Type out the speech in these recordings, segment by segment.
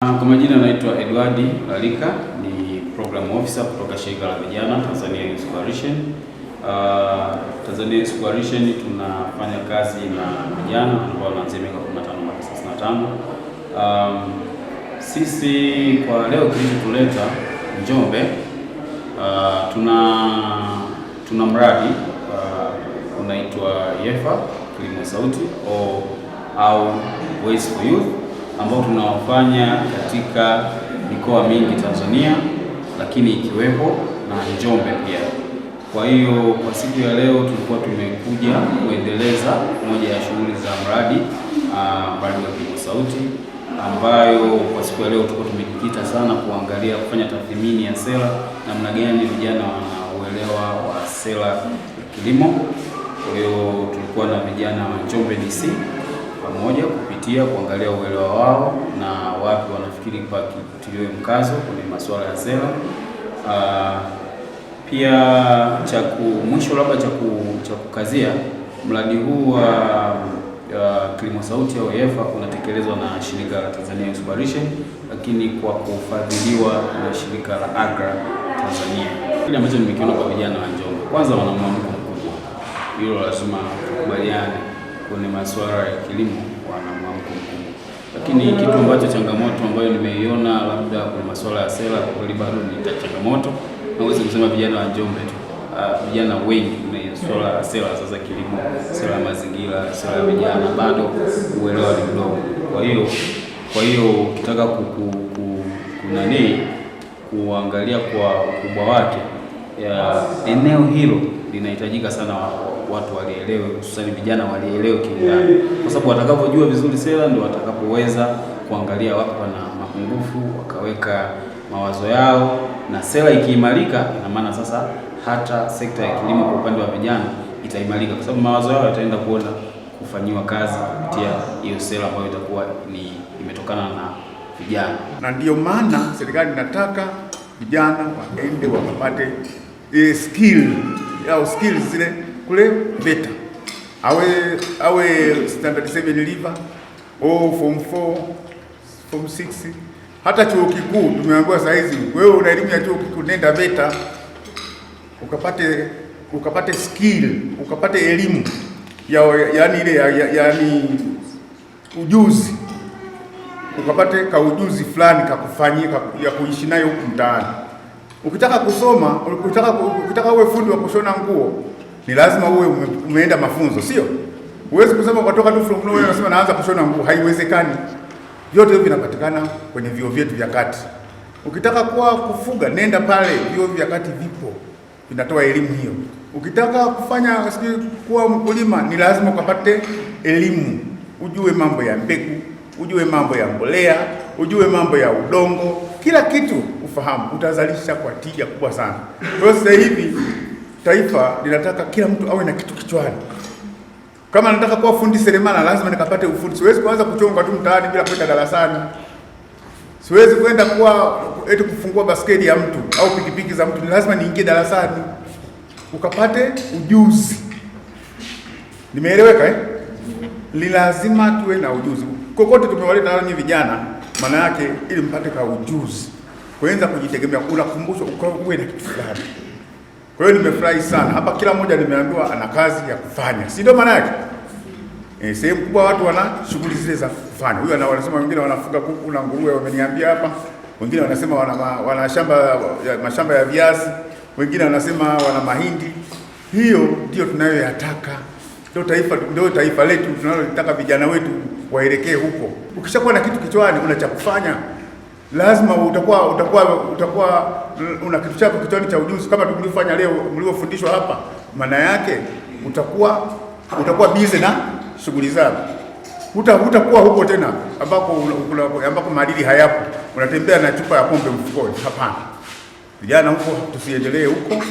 Ah, kwa majina anaitwa Edward Lalika, ni program officer kutoka shirika la vijana Tanzania Youth Coalition. Uh, Tanzania Youth Coalition tunafanya kazi na vijana ambao wanaanzia miaka 15 mpaka 35. Um, ah, sisi kwa leo kilichotuleta Njombe, uh, tuna tuna mradi uh, unaitwa YEFA Kilimo Sauti au Voice for Youth ambao tunawafanya katika mikoa mingi Tanzania, lakini ikiwepo na Njombe pia. Kwa hiyo kwa siku ya leo tulikuwa tumekuja kuendeleza moja ya shughuli za mradi ah, mradi wa Kilimo Sauti ambayo kwa siku ya leo tulikuwa tumejikita sana kuangalia kufanya tathmini ya sera, namna gani vijana wana uelewa wa sera ya kilimo. Kwa hiyo tulikuwa na vijana wa Njombe DC pamoja kupitia kuangalia uelewa wao na wapi wanafikiri pakitiliwe mkazo kwenye masuala ya sera. Ah, pia cha mwisho labda cha kukazia mradi huu wa kilimo sauti au EFA unatekelezwa na shirika la Tanzania Youth Coalition, lakini kwa kufadhiliwa na shirika la AGRA Tanzania. Kile ambacho nimekiona kwa vijana wa Njombe, kwanza wana mwamko mkubwa, hilo lazima tukubaliane kwenye masuala ya kilimo wana mwamko mkubwa, lakini kitu ambacho changamoto ambayo nimeiona labda kwenye masuala ya sera, kwa kweli bado ni changamoto, naweza kusema vijana wa Njombe tu ah, vijana uh, wengi kwenye swala la sera za kilimo, sera ya mazingira, sera ya vijana, bado uelewa ni mdogo. Kwa hiyo kwa hiyo ukitaka kunanii kuangalia kwa ukubwa wake, eneo hilo linahitajika sana wako watu walielewe, hususani vijana walielewe kiundani, kwa sababu watakapojua vizuri sera ndio watakapoweza kuangalia wapi pana mapungufu, wakaweka mawazo yao, na sera ikiimarika, ina maana sasa hata sekta ya kilimo kwa upande wa vijana itaimarika, kwa sababu mawazo yao yataenda kuona kufanyiwa kazi kupitia hiyo sera ambayo itakuwa ni imetokana na vijana. Na ndiyo maana serikali inataka vijana waende wakapate eh, skill au skills zile kule beta awe awe standard 7 liver au form 4 form 6 hata chuo kikuu tumeambiwa saa hizi, wewe una elimu ya chuo kikuu, nenda beta ukapate ukapate skill ukapate elimu ya, yaani ile ya, ya, yaani ujuzi ukapate ka ujuzi fulani kakufanyia ya kuishi nayo huku mtaani. Ukitaka kusoma, ukitaka ukitaka uwe fundi wa kushona nguo ni lazima uwe umeenda mafunzo, sio huwezi kusema ukatoka tu from nowhere unasema naanza kushona nguo, haiwezekani. Vyote hivyo vinapatikana kwenye vyuo vyetu vya kati. Ukitaka kuwa kufuga, nenda pale, vyuo vya kati vipo, vinatoa elimu hiyo. Ukitaka kufanya sijui kuwa mkulima, ni lazima ukapate elimu, ujue mambo ya mbegu, ujue mambo ya mbolea, ujue mambo ya udongo, kila kitu ufahamu, utazalisha kwa tija kubwa sana. Kwa hiyo sasa hivi taifa linataka kila mtu awe na kitu kichwani. Kama nataka kuwa fundi seremala, lazima nikapate ufundi. Siwezi kuanza kuchonga tu mtaani bila kwenda darasani. Siwezi kwenda kuwa eti kufungua basketi ya mtu au pikipiki za mtu, ni lazima niingie darasani ukapate ujuzi. Nimeeleweka eh? Ni lazima tuwe na ujuzi kokote tumewaleta hao vijana, maana yake ili mpate ka ujuzi kuenza kujitegemea, unakumbushwa uwe na kitu fulani. Kwa hiyo nimefurahi sana hapa, kila mmoja nimeambiwa ana kazi ya kufanya, si ndio maana yake? E, sehemu kubwa watu wana shughuli zile za kufanya. Huyu wanasema wengine wanafuga kuku na nguruwe, wameniambia hapa. Wengine wanasema wana, wana shamba, ya, mashamba ya viazi, wengine wanasema wana mahindi. Hiyo ndio tunayoyataka, ndio taifa, ndio taifa letu tunalotaka, vijana wetu waelekee huko. Ukishakuwa na kitu kichwani, una cha kufanya lazima utakuwa utakuwa utakuwa una kitu chako kichwani cha ujuzi kama tulivyofanya leo mlivyofundishwa hapa. Maana yake utakuwa utakuwa busy na shughuli zako, huta hutakuwa huko tena ambako ambako maadili hayapo, unatembea na chupa ya pombe mfukoni. Hapana, vijana, huko tusiendelee huko.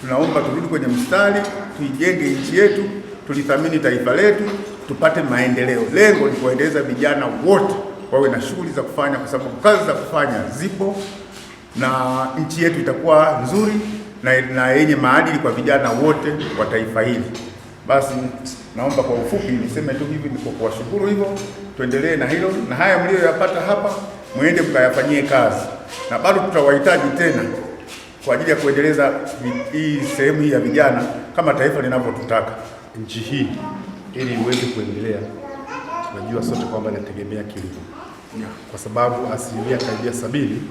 Tunaomba turudi kwenye mstari, tuijenge nchi yetu, tulithamini taifa letu, tupate maendeleo. Lengo ni kuendeleza vijana wote wawe na shughuli za kufanya, kwa sababu kazi za kufanya zipo, na nchi yetu itakuwa nzuri na, na yenye maadili kwa vijana wote wa taifa hili. Basi naomba kwa ufupi niseme tu hivi, kwa kuwashukuru hivyo. Tuendelee na hilo na haya mliyoyapata hapa, mwende mkayafanyie kazi, na bado tutawahitaji tena kwa ajili ya kuendeleza hii sehemu hii ya vijana kama taifa linavyotutaka nchi hii ili iweze kuendelea tunajua sote kwamba inategemea kilimo, kwa sababu asilimia karibia sabini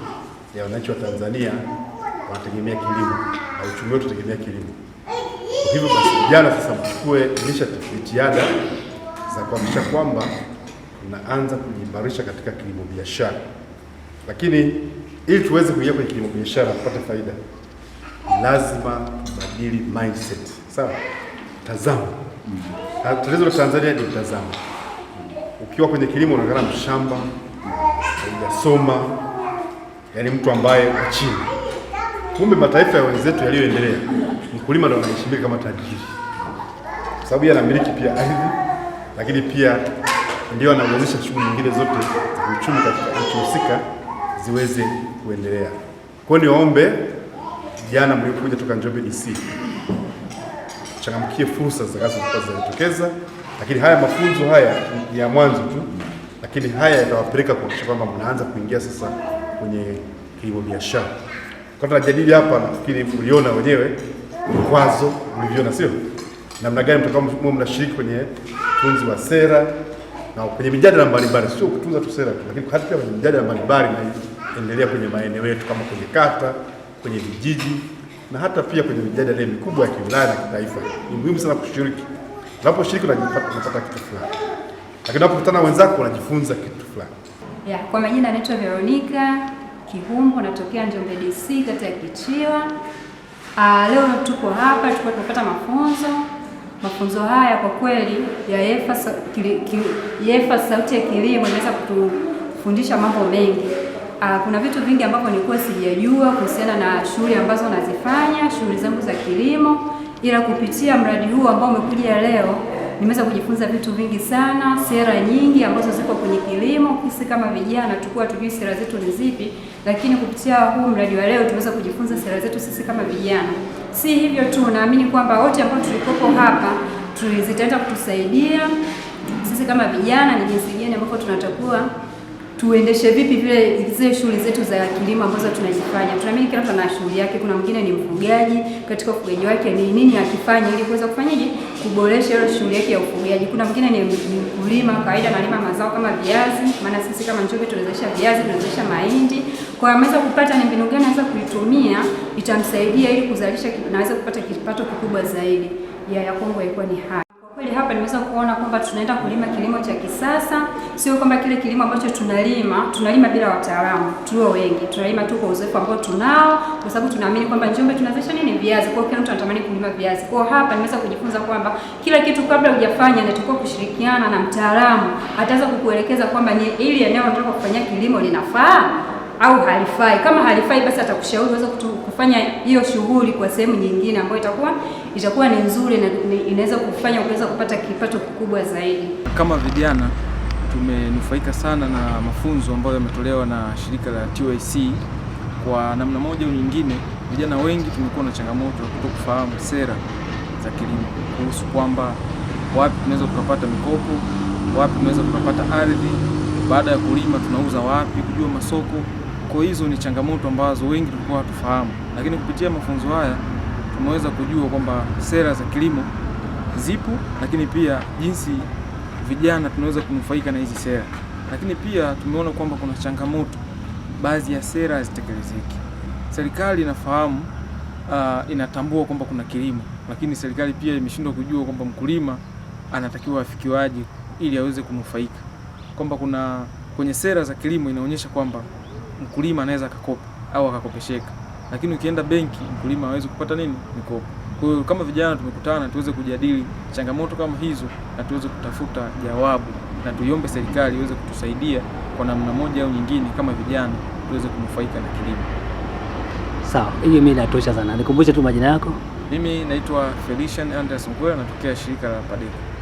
ya wananchi wa Tanzania wanategemea kilimo na uchumi wetu unategemea kilimo. Kwa hivyo basi, vijana sasa mchukue initiative, jitihada za kuhakikisha kwamba tunaanza kujiimarisha katika kilimo biashara, lakini ili tuweze kuingia kwenye kilimo biashara kupata faida, lazima tubadili mindset. Sawa, tazamo. Mm. Tatizo la Tanzania ni mtazamo ukiwa kwenye kilimo unaonekana mshamba, haujasoma, yaani mtu ambaye achini. Kumbe mataifa ya wenzetu yaliyoendelea, mkulima ndo anaheshimika kama tajiri, kwa sababu anamiliki pia ardhi, lakini pia ndio anawezesha shughuli nyingine zote za uchumi katika nchi husika ziweze kuendelea. Kwa hiyo niwaombe, jana mliokuja toka Njombe DC tuchangamkie fursa zitakazokuwa zinajitokeza, lakini haya mafunzo haya ni ya mwanzo tu, lakini haya yatawapeleka kuhakikisha kwamba mnaanza kuingia sasa kwenye kilimo biashara. Kwa tunajadili hapa, nafikiri mliona wenyewe vikwazo mlivyoona, sio namna gani mtakao mnashiriki kwenye utunzi wa sera na kwenye mijadala mbalimbali, sio kutunza tu sera, lakini hata pia kwenye mijadala mbalimbali na endelea kwenye maeneo yetu kama kwenye kata, kwenye vijiji na hata pia kwenye mijadala mikubwa ya kiulaya na kitaifa. Ni muhimu sana kushiriki. Unaposhiriki unapata kitu fulani, lakini unapokutana wenzako unajifunza kitu fulani. Yeah, kwa majina anaitwa Veronica Kihumbo, natokea Njombe DC, kata ya Kichiwa. Uh, leo tuko hapa tuko tunapata mafunzo. Mafunzo haya kwa kweli ya YEFFA, Sauti ya Kilimo inaweza kutufundisha mambo mengi Uh, kuna vitu vingi ambavyo nilikuwa sijajua kuhusiana na shughuli ambazo nazifanya, shughuli zangu za kilimo, ila kupitia mradi huu ambao umekuja leo nimeweza kujifunza vitu vingi sana, sera nyingi ambazo ziko kwenye kilimo. Sisi kama vijana tulikuwa tujui sera zetu ni zipi, lakini kupitia huu mradi wa leo tumeweza kujifunza sera zetu sisi kama vijana. Si hivyo tu, naamini kwamba wote ambao tulikopo hapa zitaenda kutusaidia sisi kama vijana, ni jinsi gani ambavyo tunatakuwa tuendeshe vipi vile zile shughuli zetu za kilimo ambazo tunazifanya. Tunaamini kila mtu ana shughuli yake. Kuna mwingine ni mfugaji, katika ufugaji wake ni nini akifanya ili kuweza kufanyaje kuboresha ile shughuli yake ya ufugaji. Kuna mwingine ni mkulima kawaida, analima mazao kama viazi, maana sisi kama Njombe tunazalisha viazi, tunazalisha mahindi. Kwa hiyo ameweza kupata ni mbinu gani anaweza kuitumia itamsaidia ili kuzalisha naweza kupata kipato kikubwa zaidi. Ya ya Kongo ilikuwa ni haya. Kwa kweli hapa nimeweza kuona kwamba tunaenda kulima kilimo cha kisasa sio kwamba kile kilimo ambacho tunalima tunalima bila wataalamu tulio wengi, tunalima tu kwa uzoefu ambao tunao, kwa sababu tunaamini kwamba Njombe tunazalisha nini? Viazi. Kwa kila mtu anatamani kulima viazi. Kwa hapa nimeweza kujifunza kwamba kila kitu kabla hujafanya natakiwa kushirikiana na mtaalamu, ataweza kukuelekeza kwamba ni ili eneo unataka kufanya kilimo linafaa au halifai. Kama halifai, basi atakushauri uweze kufanya hiyo shughuli kwa sehemu nyingine ambayo itakuwa itakuwa ni nzuri na inaweza kufanya ukaweza kupata kipato kikubwa zaidi. Kama vijana tumenufaika sana na mafunzo ambayo yametolewa na shirika la TYC. Kwa namna moja au nyingine, vijana wengi tumekuwa na changamoto ya kutokufahamu sera za kilimo, kuhusu kwamba wapi tunaweza tukapata mikopo, wapi tunaweza tukapata ardhi, baada ya kulima tunauza wapi, kujua masoko. Kwa hizo ni changamoto ambazo wengi tulikuwa hatufahamu, lakini kupitia mafunzo haya tumeweza kujua kwamba sera za kilimo zipo, lakini pia jinsi vijana tunaweza kunufaika na hizi sera, lakini pia tumeona kwamba kuna changamoto, baadhi ya sera hazitekelezeki. Serikali inafahamu uh, inatambua kwamba kuna kilimo, lakini serikali pia imeshindwa kujua kwamba mkulima anatakiwa afikiwaje ili aweze kunufaika, kwamba kuna kwenye sera za kilimo inaonyesha kwamba mkulima anaweza akakopa au akakopesheka, lakini ukienda benki mkulima hawezi kupata nini mikopo. Kwa hiyo kama vijana tumekutana, tuweze kujadili changamoto kama hizo na tuweze kutafuta jawabu, na tuiombe serikali iweze kutusaidia kwa namna moja au nyingine, kama vijana tuweze kunufaika na kilimo. Sawa, hiyo mimi natosha sana. Nikumbushe tu majina yako. Mimi naitwa Felician Anderson Kwea, natokea shirika la Padeco.